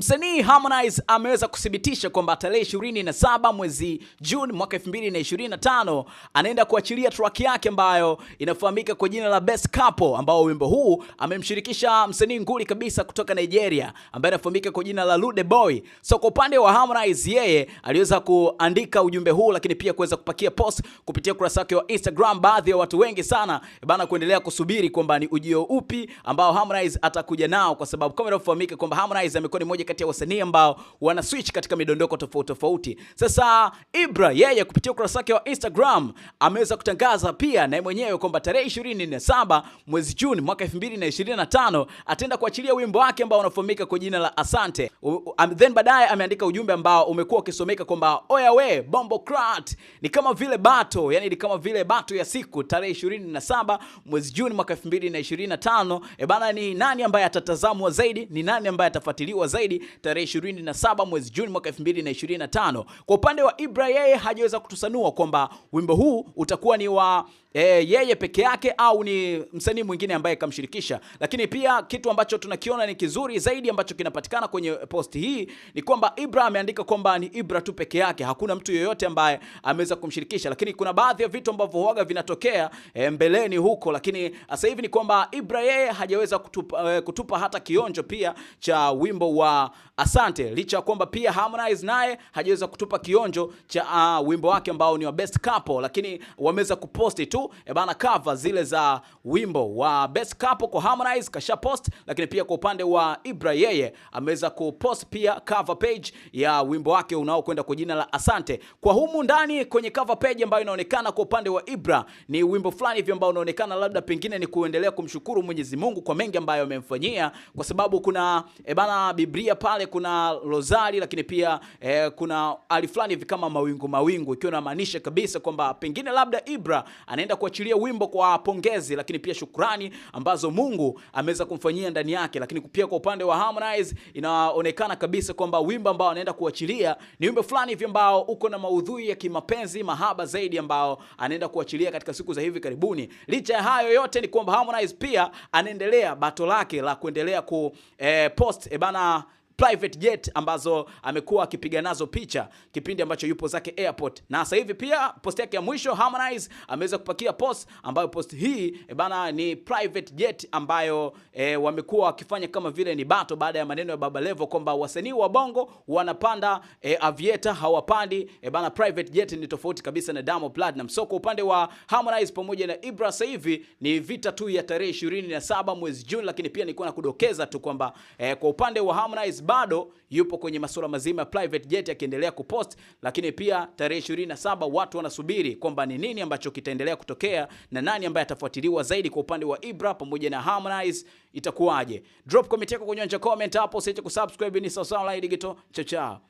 Msanii Harmonize ameweza kuthibitisha kwamba tarehe 27 mwezi Juni mwaka 2025 anaenda kuachilia track yake ambayo inafahamika kwa jina la Best Couple, ambao wimbo huu amemshirikisha msanii nguli kabisa kutoka Nigeria ambaye anafahamika kwa jina la Lude Boy. So kwa upande wa Harmonize, yeye aliweza kuandika ujumbe huu, lakini pia kuweza kupakia post kupitia kurasa yake wa Instagram. Baadhi ya watu wengi sana eh, bana kuendelea kusubiri kwamba ni ujio upi ambao Harmonize atakuja nao, kwa sababu kama inafahamika kwamba Harmonize amekuwa ni moja kati ya wasanii ambao wana switch katika midondoko tofauti tofauti. Sasa Ibra yeye kupitia ukurasa wake wa Instagram ameweza kutangaza pia naye mwenyewe kwamba tarehe 27 mwezi Juni mwaka 2025 ataenda kuachilia wimbo wake ambao unafahamika kwa jina la Asante. Um, then baadaye ameandika ujumbe ambao umekuwa ukisomeka kwamba oya we Bombo Crat ni kama vile bato, yani ni kama vile bato ya siku tarehe 27 mwezi Juni mwaka 2025. E bana, ni nani ambaye atatazamwa zaidi? Ni nani ambaye atafuatiliwa zaidi? tarehe 27 mwezi Juni mwaka 2025. Kwa upande wa Ibra, yeye hajaweza kutusanua kwamba wimbo huu utakuwa ni wa e, yeye peke yake au ni msanii mwingine ambaye kamshirikisha, lakini pia kitu ambacho tunakiona ni kizuri zaidi ambacho kinapatikana kwenye posti hii ni kwamba Ibra ameandika kwamba ni Ibra tu peke yake, hakuna mtu yoyote ambaye ameweza kumshirikisha, lakini kuna baadhi ya vitu ambavyo huaga vinatokea e, mbeleni huko, lakini sasa hivi ni kwamba Ibra yeye hajaweza kutupa, e, kutupa hata kionjo pia cha wimbo wa asante, licha ya kwamba pia Harmonize naye hajaweza kutupa kionjo cha uh, wimbo wake ambao ni wa best couple, lakini wameweza kuposti tu e bana cover zile za wimbo wa best couple kwa Harmonize kasha post, lakini pia kwa upande wa Ibra yeye ameweza kupost pia cover page ya wimbo wake unaokwenda kwa jina la asante. Kwa humu ndani kwenye cover page ambayo inaonekana kwa upande wa Ibra ni wimbo fulani hivi ambao unaonekana labda pengine ni kuendelea kumshukuru Mwenyezi Mungu kwa mengi ambayo amemfanyia, kwa sababu kuna e bana Biblia pia pale kuna rosari lakini pia eh, kuna hali fulani hivi kama mawingu mawingu, ikiwa inamaanisha kabisa kwamba pengine labda Ibra anaenda kuachilia wimbo kwa pongezi, lakini pia shukrani ambazo Mungu ameweza kumfanyia ndani yake. Lakini pia kwa upande wa Harmonize inaonekana kabisa kwamba wimbo ambao anaenda kuachilia ni wimbo fulani hivi ambao uko na maudhui ya kimapenzi, mahaba zaidi, ambao anaenda kuachilia katika siku za hivi karibuni. Licha ya hayo yote, ni kwamba Harmonize pia anaendelea bato lake la kuendelea ku eh, post ebana eh, private jet ambazo amekuwa akipiga nazo picha kipindi ambacho yupo zake airport. Na sasa hivi pia post yake ya mwisho Harmonize ameweza kupakia post ambayo post hii e bana ni private jet ambayo e, wamekuwa wakifanya kama vile ni bato baada ya maneno ya Baba Levo kwamba wasanii wa Bongo wanapanda e, eh, avieta hawapandi e bana private jet ni tofauti kabisa na Diamond Platnumz. So kwa upande wa Harmonize pamoja na Ibra sasa hivi ni vita tu ya tarehe 27 mwezi Juni, lakini pia nilikuwa nakudokeza tu kwamba e, kwa upande wa Harmonize bado yupo kwenye masuala mazima ya private jet akiendelea kupost, lakini pia tarehe 27 watu wanasubiri kwamba ni nini ambacho kitaendelea kutokea na nani ambaye atafuatiliwa zaidi kwa upande wa Ibra pamoja na Harmonize, itakuwaje? Drop comment yako kwenye comment hapo, usiache kusubscribe. Ni sawasawa digital, chao chao.